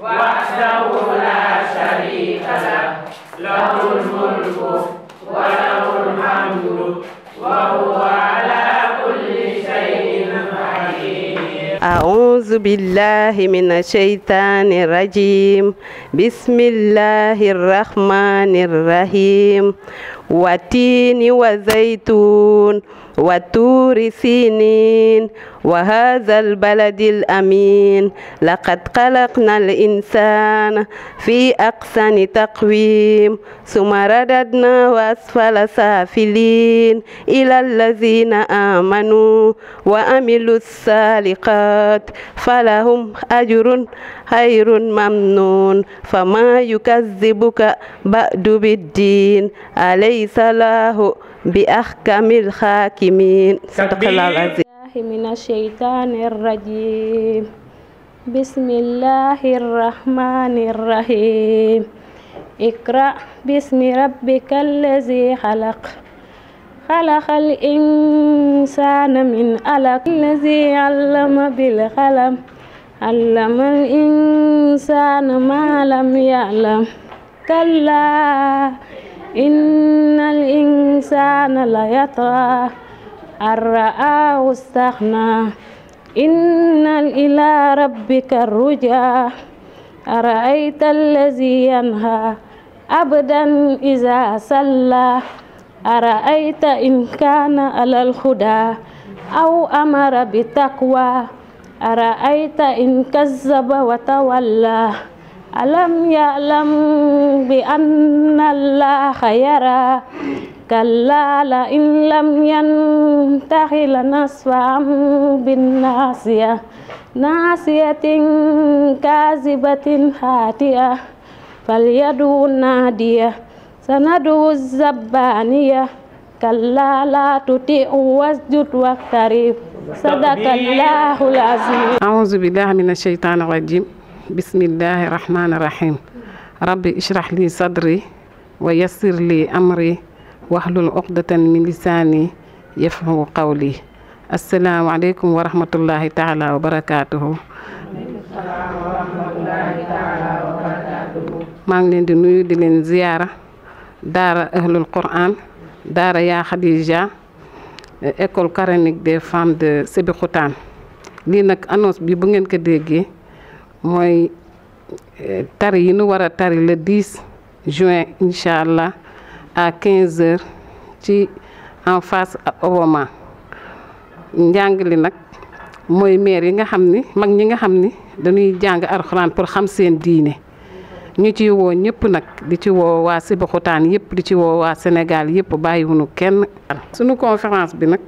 وحده لا شريك له له الملك وله الحمد وهو على كل شيء قدير أعوذ بالله من الشيطان الرجيم بسم الله الرحمن الرحيم والتين وزيتون والتور سينين وهذا البلد الأمين لقد خلقنا الإنسان في أقسن تقويم ثم رددنا أسفل سافلين إلى الذين آمنوا وأملوا السالقات فلهم أجر خير ممنون فما يكذبك بعد بالدين عليه ليس له بأحكم الحاكمين صدق الله العظيم من الشيطان الرجيم بسم الله الرحمن الرحيم اقرأ باسم ربك الذي خلق خلق الإنسان من ألق الذي علم بالقلم علم الإنسان ما لم يعلم كلا إن الإنسان ليطغى أن رآه استغنى إن إلى ربك الرجى أرأيت الذي ينهى أبدا إذا صلى أرأيت إن كان على الهدى أو أمر بتقوى أرأيت إن كذب وتولى alam ya'lam bi anna allaha yara kalla la in lam yantahi lanasfa'an bin nasiya nasiyatin kazibatin hatiya falyadu nadiya sanadu zabbaniya kalla la tuti'u wasjud waqtarib sadaqallahu alazim a'udhu billahi minash shaitanir rajim بسم الله الرحمن الرحيم ربي اشرح لي صدري ويسر لي امري واهل العقدة من لساني يفهم قولي السلام عليكم ورحمة الله تعالى وبركاته السلام ماغ لين دي نويو دي لين زياره دار اهل القران دار يا خديجه ايكول كارينيك دي فام دي سيبي خوتان لي نك بي بو نين mooy eh, tari yi nu war a tari le 10 juin incha allah à 15 heures ci en face ak Obama njàng li nag mooy maire yi nga xam ni mag ñi nga xam ni dañuy jàng alxuraan pour xam seen diine ñu ci woo ñëpp nag di ci woo waa Sébikotane yëpp di ci woo waa Sénégal yëpp bàyyiwunu kenn. sunu conférence bi nag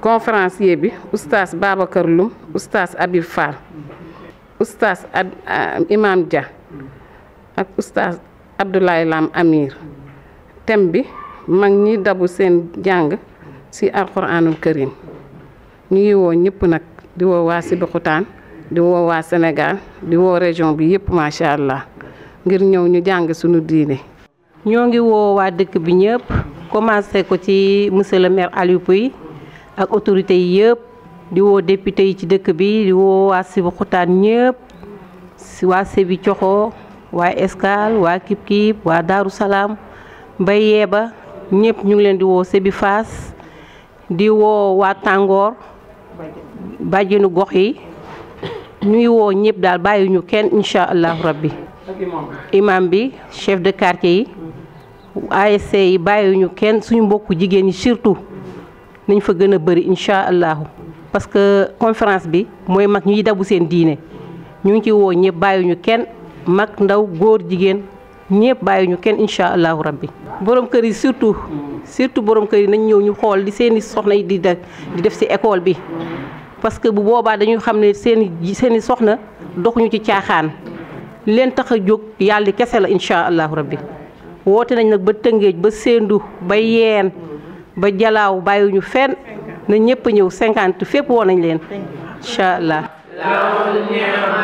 conférencier bi oustaz Babacar Loum oustaz Habib Fall. oustaz ad euh, imam Dia ak oustaz Abdoulaye Lam Amir thème bi mag ñi dabu seen jàng ci alquranul karim ñu ngi woo ñëpp nag di woo waa Sébikotane di woo waa Sénégal di woo région bi yëpp macha allah ngir ñëw ñu jàng suñu diine. ñoo ngi woo waa dëkk bi ñëpp commencé ko ci monsieur le maire Aliou ak autorité yi yëpp. di woo député yi ci dëkk bi di woo waa Sébikotane ñëpp waa Sébicoxo wa Escale waa Kipkip wa daru salam Mbay Yeeba ñëpp ñu ngi leen di woo Sébi Faas di woo waa Tàngoor bàjjenu gox yi ñuy ñëpp kenn allahu rabbi imam bi chef de quartier yi ASC yi bàyyiwuñu kenn suñu mbokku jigéen ñi surtout nañ fa allahu parce que conférence bi mooy mag ñuy dabu seen diine ñu ngi ci woo ñëpp bàyyiwuñu kenn mag ndaw góor jigéen ñëpp bàyyiwuñu kenn incha allahu rabbi borom kër yi surtout surtout borom kër yi nañ ñëw ñu xool di seeni i soxna yi di def di def si école bi parce que bu boobaa dañuy xam ne seen i seen soxna doxuñu ci caaxaan leen tax a jóg yàlla kese la incha allahu rabbi woote nañ nag ba Tëngéej ba Sendou ba Yeen ba Jalaaw bàyyiwuñu fenn na ñëpp ñëw cinquante fépp woo nañ leen incha allah